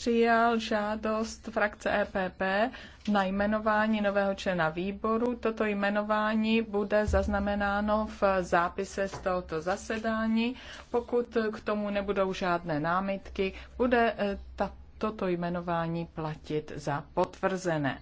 přijal žádost frakce EPP na jmenování nového člena výboru. Toto jmenování bude zaznamenáno v zápise z tohoto zasedání. Pokud k tomu nebudou žádné námitky, bude eh, ta, toto jmenování platit za potvrzené.